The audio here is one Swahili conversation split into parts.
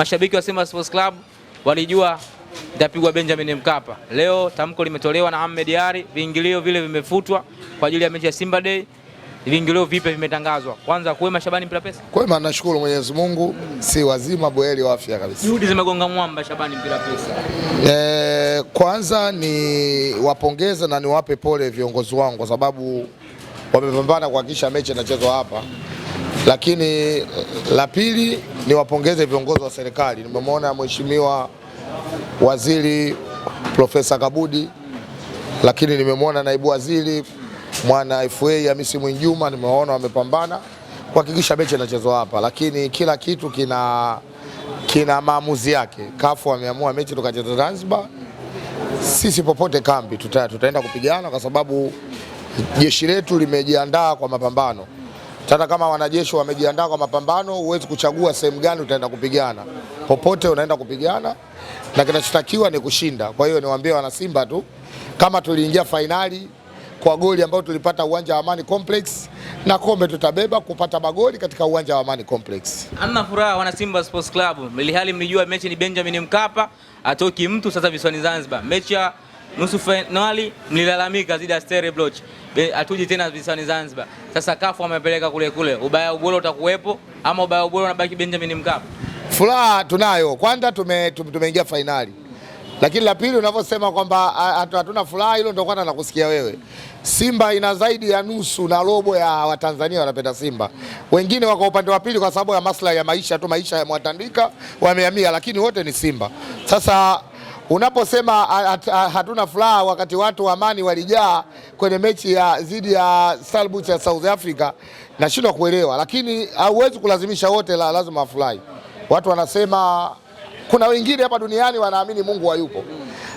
Mashabiki wa Simba Sports Club walijua itapigwa Benjamin Mkapa. Leo tamko limetolewa na Ahmed Yari, viingilio vile vimefutwa kwa ajili ya mechi ya Simba Day. Viingilio vipe vimetangazwa. Kwanza kwema Shabani mpira pesa. Kwema nashukuru Mwenyezi Mungu, si wazima bweli wa afya kabisa. Juhudi zimegonga mwamba Shabani mpira pesa. Eh, kwanza ni wapongeze na niwape pole viongozi wangu kwa sababu wamepambana kuhakikisha mechi inachezwa hapa. Lakini eh, la pili ni wapongeze viongozi wa serikali. Nimemwona Mheshimiwa Waziri Profesa Kabudi, lakini nimemwona naibu waziri mwana FA Hamisi Mwinjuma, nimewaona wamepambana kuhakikisha mechi inachezwa hapa, lakini kila kitu kina, kina maamuzi yake. Kafu ameamua mechi tukacheza Zanzibar, sisi popote kambi tuta, tutaenda kupigana kwa sababu jeshi letu limejiandaa kwa mapambano. Tata kama wanajeshi wamejiandaa kwa mapambano, huwezi kuchagua sehemu gani utaenda kupigana, popote unaenda kupigana na kinachotakiwa ni kushinda. Kwa hiyo niwaambie wana Simba tu, kama tuliingia fainali kwa goli ambayo tulipata uwanja wa Amani Complex, na kombe tutabeba kupata magoli katika uwanja wa Amani Complex. Hamna furaha wana Simba Sports Club, milihali mlijua mechi ni Benjamin Mkapa, atoki mtu sasa visiwani Zanzibar, mechi ya Nusu fainali mlilalamika zidi ya Bloch, hatuji tena visiwani Zanzibar. Sasa kafu amepeleka kule kule, ubaya ubora utakuwepo ama ubaya ubora unabaki Benjamin Mkapa? Furaha tunayo, kwanza tumeingia fainali, lakini la pili unavyosema kwamba hatuna furaha, hilo ndio kwanza nakusikia wewe. Simba ina zaidi ya nusu na robo ya Watanzania wanapenda Simba, wengine wako upande wa pili kwa sababu ya maslahi ya maisha tu, maisha yamewatandika, wamehamia, lakini wote ni Simba. Sasa Unaposema hatuna furaha wakati watu amani walijaa kwenye mechi ya dhidi ya Salbu ya South Africa, nashindwa kuelewa, lakini hauwezi kulazimisha wote, la lazima wafurahi. Watu wanasema kuna wengine hapa duniani wanaamini Mungu hayupo wa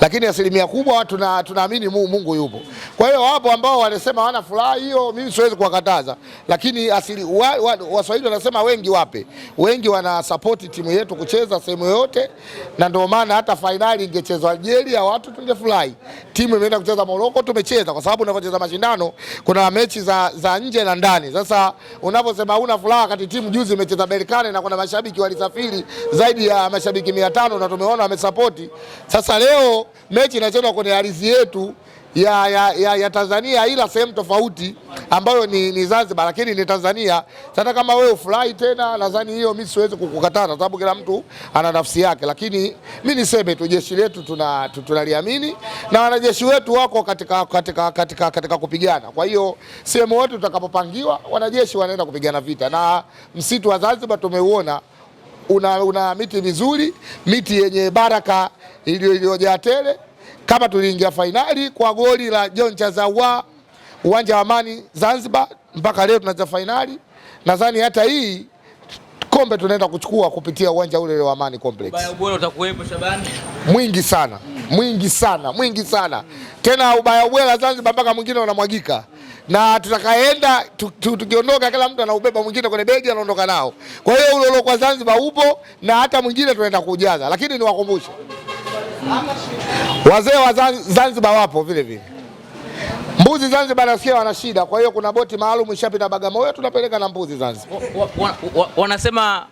lakini asilimia kubwa tuna, tunaamini Mungu yupo. Kwa hiyo wapo ambao wanasema hawana furaha hiyo, mimi siwezi kuwakataza, lakini asili wa, wa, waswahili wanasema wengi wape wengi wana support timu yetu kucheza sehemu yoyote, na ndio maana hata fainali ingechezwa Algeria watu tungefurahi. Timu imeenda kucheza Morocco, tumecheza kwa sababu unapocheza mashindano kuna mechi za, za nje na ndani. Sasa unaposema una furaha wakati timu juzi imecheza Berkane na kuna mashabiki walisafiri zaidi ya mashabiki 500 na tumeona wamesapoti. Sasa leo mechi inachezwa kwenye ardhi yetu ya, ya, ya, ya Tanzania ila sehemu tofauti ambayo ni, ni Zanzibar lakini ni Tanzania. Sasa kama wewe ufurahi tena, nadhani hiyo mimi siwezi kukukataa, kwa sababu kila mtu ana nafsi yake, lakini mi niseme tu jeshi letu tunaliamini tuna, na wanajeshi wetu wako katika, katika, katika, katika kupigana. Kwa hiyo sehemu wote tutakapopangiwa wanajeshi wanaenda kupigana vita, na msitu wa Zanzibar tumeuona una, una miti mizuri, miti yenye baraka iliyojaa tele, kama tuliingia fainali kwa goli la John Chazawa uwanja wa Amani Zanzibar, mpaka leo tunacheza fainali. Nadhani hata hii kombe tunaenda kuchukua kupitia uwanja ule wa Amani Complex. Ubaya utakuwepo Shabani, mwingi sana mwingi sana mwingi sana tena, ubaya ubwela Zanzibar mpaka mwingine unamwagika na tutakaenda tukiondoka, kila mtu anaubeba mwingine kwenye begi anaondoka nao. Kwa hiyo ule kwa Zanzibar upo na hata mwingine tunaenda kujaza, lakini niwakumbushe wazee wa Zanzibar wapo vile vile. Mbuzi Zanzibar nasikia wana shida, kwa hiyo kuna boti maalum ishapita Bagamoyo, tunapeleka na mbuzi Zanzibar. Wanasema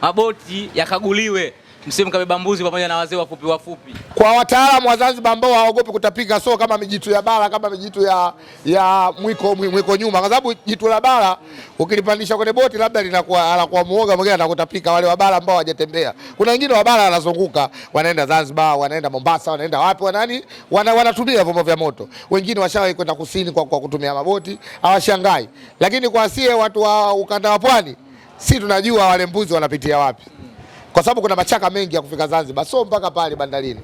maboti yakaguliwe msimu kabeba mbuzi pamoja na wazee wafupi wafupi. Kwa wataalamu wa Zanzibar ambao hawaogopi kutapika so kama mijitu ya bara kama mijitu ya, ya mwiko, mwiko nyuma, kwa sababu jitu la bara ukilipandisha kwenye boti labda linakuwa anakuwa muoga mwingine atakutapika. Wale wa bara ambao hawajatembea, kuna wengine wa bara wanazunguka, wanaenda Zanzibar, wanaenda Mombasa, wanaenda wapi, wanani wanatumia vyombo vya moto. Wengine washawahi kwenda kusini kwa, kwa kutumia maboti, hawashangai. Lakini kwa sie watu wa ukanda wa pwani, si tunajua wale mbuzi wanapitia wapi kwa sababu kuna machaka mengi ya kufika Zanzibar, so mpaka pale bandarini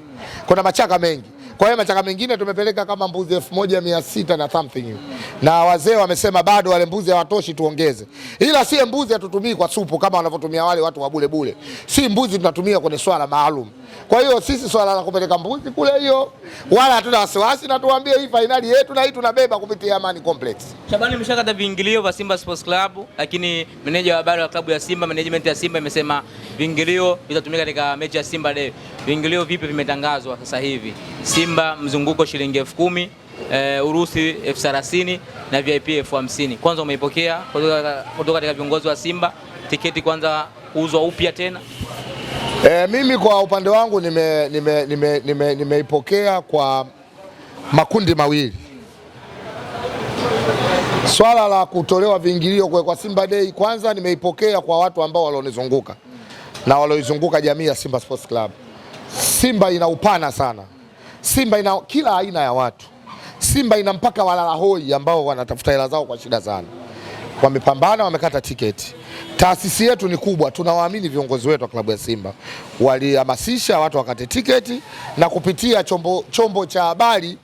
kuna machaka mengi. Kwa hiyo machaka mengine tumepeleka kama mbuzi elfu moja mia sita na something, na wazee wamesema bado wale mbuzi hawatoshi, tuongeze. Ila si mbuzi hatutumii kwa supu kama wanavyotumia wale watu wa bulebule, si mbuzi tunatumia kwenye swala maalum. Kwa hiyo sisi swala la kupeleka mbuzi kule hiyo wala hatuna wasiwasi, na tuambie hii fainali yetu na hii tunabeba kupitia Amani Complex. Shabani, mshakata viingilio vya Simba Sports Club, lakini meneja wa habari wa klabu ya Simba, management ya Simba imesema viingilio vitatumika katika mechi ya Simba leo. Viingilio vipi vimetangazwa sasa hivi? Simba mzunguko shilingi elfu kumi Uh, urusi elfu thelathini na VIP elfu hamsini Kwanza umeipokea kutoka katika viongozi wa Simba tiketi kwanza kuuzwa upya tena? E, mimi kwa upande wangu nimeipokea nime, nime, nime, nime kwa makundi mawili. Swala la kutolewa viingilio kwa Simba Day kwanza nimeipokea kwa watu ambao walionizunguka na walioizunguka jamii ya Simba Sports Club. Simba ina upana sana. Simba ina kila aina ya watu. Simba ina mpaka walalahoi ambao wanatafuta hela zao kwa shida sana. Wamepambana, wamekata tiketi. Taasisi yetu ni kubwa, tunawaamini viongozi wetu wa klabu ya Simba walihamasisha watu wakate tiketi na kupitia chombo, chombo cha habari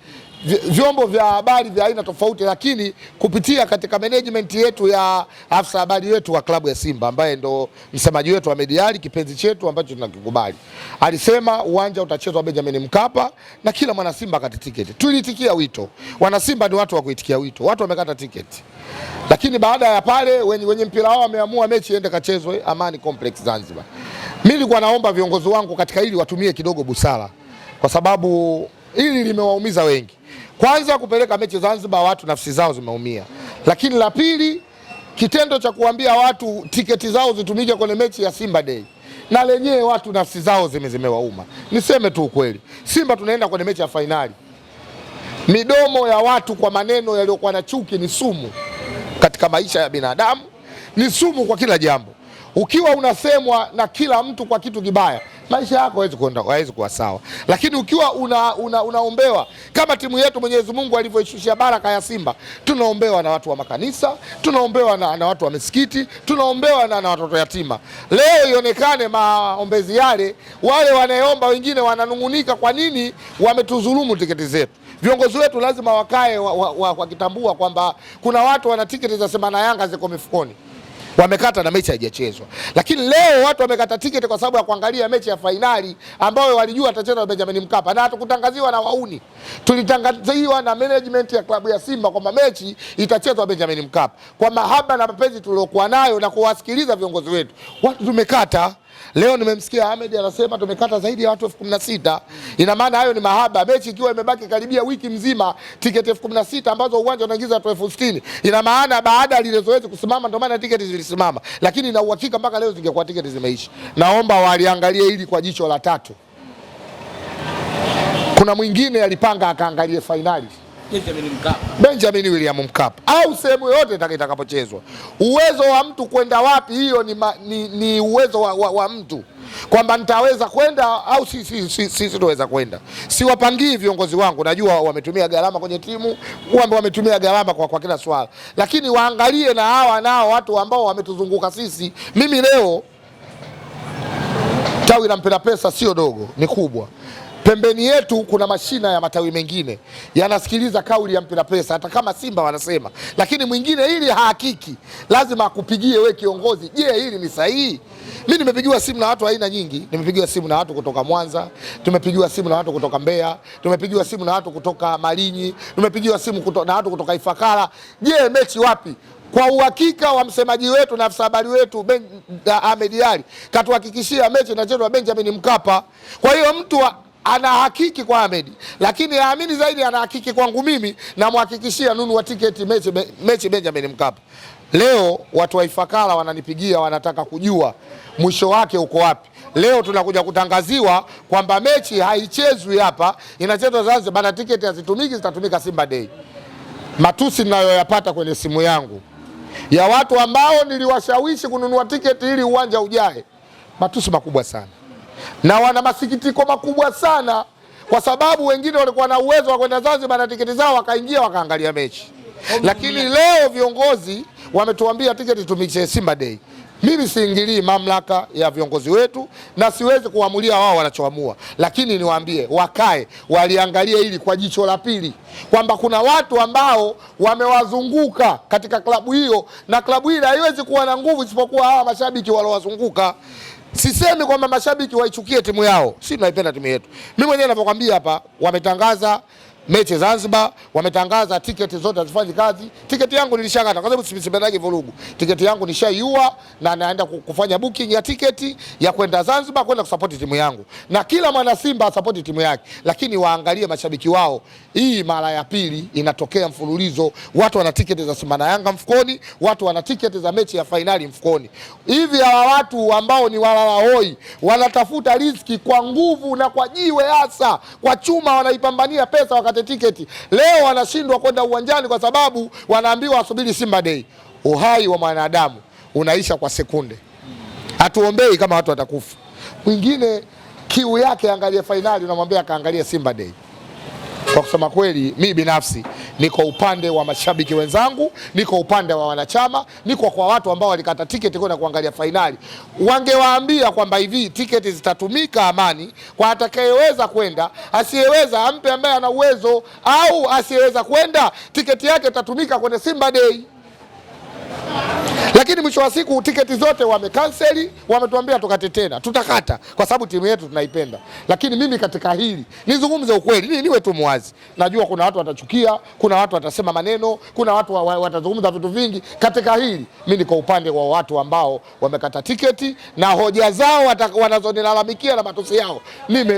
vyombo vya habari vya aina tofauti, lakini kupitia katika management yetu ya afisa habari wetu wa klabu ya Simba ambaye ndo msemaji wetu wa mediali, kipenzi chetu ambacho tunakikubali, alisema uwanja utachezwa Benjamin Mkapa na kila mwana Simba akate tiketi. Tuliitikia wito, wana Simba ni watu wa kuitikia wito, watu wamekata tiketi. Lakini baada ya pale wenye, wenye mpira wao wameamua mechi iende kachezwe Amani Complex Zanzibar. Mimi nilikuwa naomba viongozi wangu katika hili watumie kidogo busara, kwa sababu hili limewaumiza wengi. Kwanza kupeleka mechi Zanzibar, watu nafsi zao zimeumia, lakini la pili kitendo cha kuambia watu tiketi zao zitumike kwenye mechi ya Simba Day na lenyewe watu nafsi zao zimezimewauma. Niseme tu ukweli, Simba tunaenda kwenye mechi ya fainali. Midomo ya watu kwa maneno yaliyokuwa na chuki ni sumu katika maisha ya binadamu, ni sumu kwa kila jambo. Ukiwa unasemwa na kila mtu kwa kitu kibaya, maisha yako hawezi kwenda, hawezi kuwa sawa. Lakini ukiwa una, una, unaombewa kama timu yetu Mwenyezi Mungu alivyoishushia baraka ya Simba, tunaombewa na watu wa makanisa, tunaombewa na, na watu wa misikiti, tunaombewa na, na watoto yatima. Leo ionekane maombezi yale, wale wanaeomba wengine wananung'unika, kwa nini wametudhulumu tiketi zetu? Viongozi wetu lazima wakae wakitambua wa, wa, wa kwamba kuna watu wana tiketi za semana Yanga ziko mifukoni wamekata na mechi haijachezwa, lakini leo watu wamekata tiketi kwa sababu ya kuangalia mechi ya fainali ambayo walijua atacheza Benjamin Mkapa, na hatukutangaziwa na wauni, tulitangaziwa na management ya klabu ya Simba kwamba mechi itachezwa Benjamin Mkapa. Kwa mahaba na mapenzi tuliokuwa nayo na kuwasikiliza viongozi wetu, watu tumekata Leo nimemsikia Ahmed anasema tumekata zaidi ya watu elfu kumi na sita. Ina maana hayo ni mahaba. Mechi ikiwa imebaki karibia wiki mzima, tiketi elfu kumi na sita ambazo uwanja unaingiza watu elfu sitini. Ina maana baada ya lile zoezi kusimama, ndio maana tiketi zilisimama, lakini na uhakika mpaka leo zingekuwa tiketi zimeishi. Naomba waliangalie hili kwa jicho la tatu. Kuna mwingine alipanga akaangalie fainali. Benjamin Mkapa, Benjamin William Mkapa au sehemu yoyote itakapochezwa. Uwezo wa mtu kwenda wapi, hiyo ni, ma, ni, ni uwezo wa, wa, wa mtu kwamba nitaweza kwenda au si si si, si, kwenda. Siwapangii viongozi wangu, najua wametumia gharama kwenye timu, kwamba wametumia gharama kwa, kwa kila swala, lakini waangalie na hawa nao watu ambao wametuzunguka sisi. Mimi leo tawi la mpela Pesa sio dogo, ni kubwa pembeni yetu kuna mashina ya matawi mengine yanasikiliza kauli ya mpira pesa, hata kama Simba wanasema, lakini mwingine ili hahakiki, lazima akupigie we kiongozi. Je, hili ni sahihi? Mi nimepigiwa simu na watu aina nyingi. Nimepigiwa simu na watu kutoka Mwanza, tumepigiwa simu na watu kutoka Mbeya, tumepigiwa simu na watu kutoka Malinyi, tumepigiwa simu kuto, na watu kutoka Ifakara. Je, mechi wapi? Kwa uhakika wa msemaji wetu na afisa habari wetu ben, Ahmed Ali katuhakikishia mechi inachezwa Benjamin Mkapa. Kwa hiyo mtu wa anahakiki kwa Ahmed, lakini aamini zaidi anahakiki kwangu mimi. Namhakikishia nunu wa tiketi mechi, mechi Benjamin Mkapa leo. Watu wa Ifakara wananipigia wanataka kujua mwisho wake uko wapi. Leo tunakuja kutangaziwa kwamba mechi haichezwi hapa, inachezwa Zanzibar na tiketi hazitumiki, zitatumika Simba Day. Matusi ninayoyapata kwenye simu yangu ya watu ambao niliwashawishi kununua tiketi ili uwanja ujae, matusi makubwa sana na wana masikitiko makubwa sana, kwa sababu wengine walikuwa na uwezo wa kwenda Zanzibar na tiketi zao wakaingia wakaangalia mechi, lakini leo viongozi wametuambia tiketi tumikishe Simba Day. Mimi siingilii mamlaka ya viongozi wetu na siwezi kuamulia wao wanachoamua, lakini niwaambie wakae waliangalia hili kwa jicho la pili, kwamba kuna watu ambao wamewazunguka katika klabu hiyo, na klabu hili haiwezi kuwa na nguvu isipokuwa hawa mashabiki waliowazunguka. Sisemi kwamba mashabiki waichukie timu yao, si tunaipenda timu yetu. Mimi mwenyewe ninapokuambia hapa wametangaza mechi Zanzibar, wametangaza tiketi zote hazifanyi kazi. Tiketi yangu nilishangata kwa sababu sipendagi vurugu. Tiketi yangu nishaiua na naenda kufanya booking ya tiketi ya kwenda Zanzibar kwenda kusapoti timu yangu, na kila mwana Simba asapoti timu yake, lakini waangalie mashabiki wao. Hii mara ya pili inatokea mfululizo, watu wana tiketi za Simba na Yanga mfukoni, watu wana tiketi za mechi ya fainali mfukoni. Hivi hawa watu ambao ni walala hoi wanatafuta riziki kwa nguvu na kwa jiwe, hasa kwa chuma, wanaipambania pesa waka wapate tiketi. Leo wanashindwa kwenda uwanjani kwa sababu wanaambiwa wasubiri Simba Day. Uhai wa mwanadamu unaisha kwa sekunde, hatuombei kama watu watakufa. Mwingine kiu yake angalie fainali, unamwambia kaangalie Simba Day. Kwa kusema kweli, mi binafsi niko upande wa mashabiki wenzangu, niko upande wa wanachama, niko kwa watu ambao walikata tiketi kwenda kuangalia fainali. Wangewaambia kwamba hivi tiketi zitatumika amani kwa atakayeweza kwenda, asiyeweza ampe ambaye ana uwezo, au asiyeweza kwenda tiketi yake itatumika kwenye Simba Day lakini mwisho wa siku tiketi zote wamekanseli, wametuambia tukate tena. Tutakata kwa sababu timu yetu tunaipenda. Lakini mimi katika hili nizungumze ukweli, ni niwe tu mwazi. Najua kuna watu watachukia, kuna watu watasema maneno, kuna watu watazungumza vitu vingi. Katika hili mimi niko upande wa watu ambao wamekata tiketi na hoja zao wanazonilalamikia na matusi yao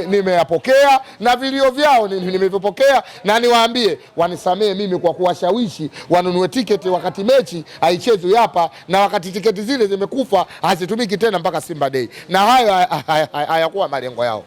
nimeyapokea, nime na vilio vyao nimevipokea, na niwaambie wanisamee mimi kwa kuwashawishi wanunue tiketi wakati mechi haichezwi hapa na wakati tiketi zile zimekufa hazitumiki tena mpaka Simba Day, na hayo hayakuwa malengo yao.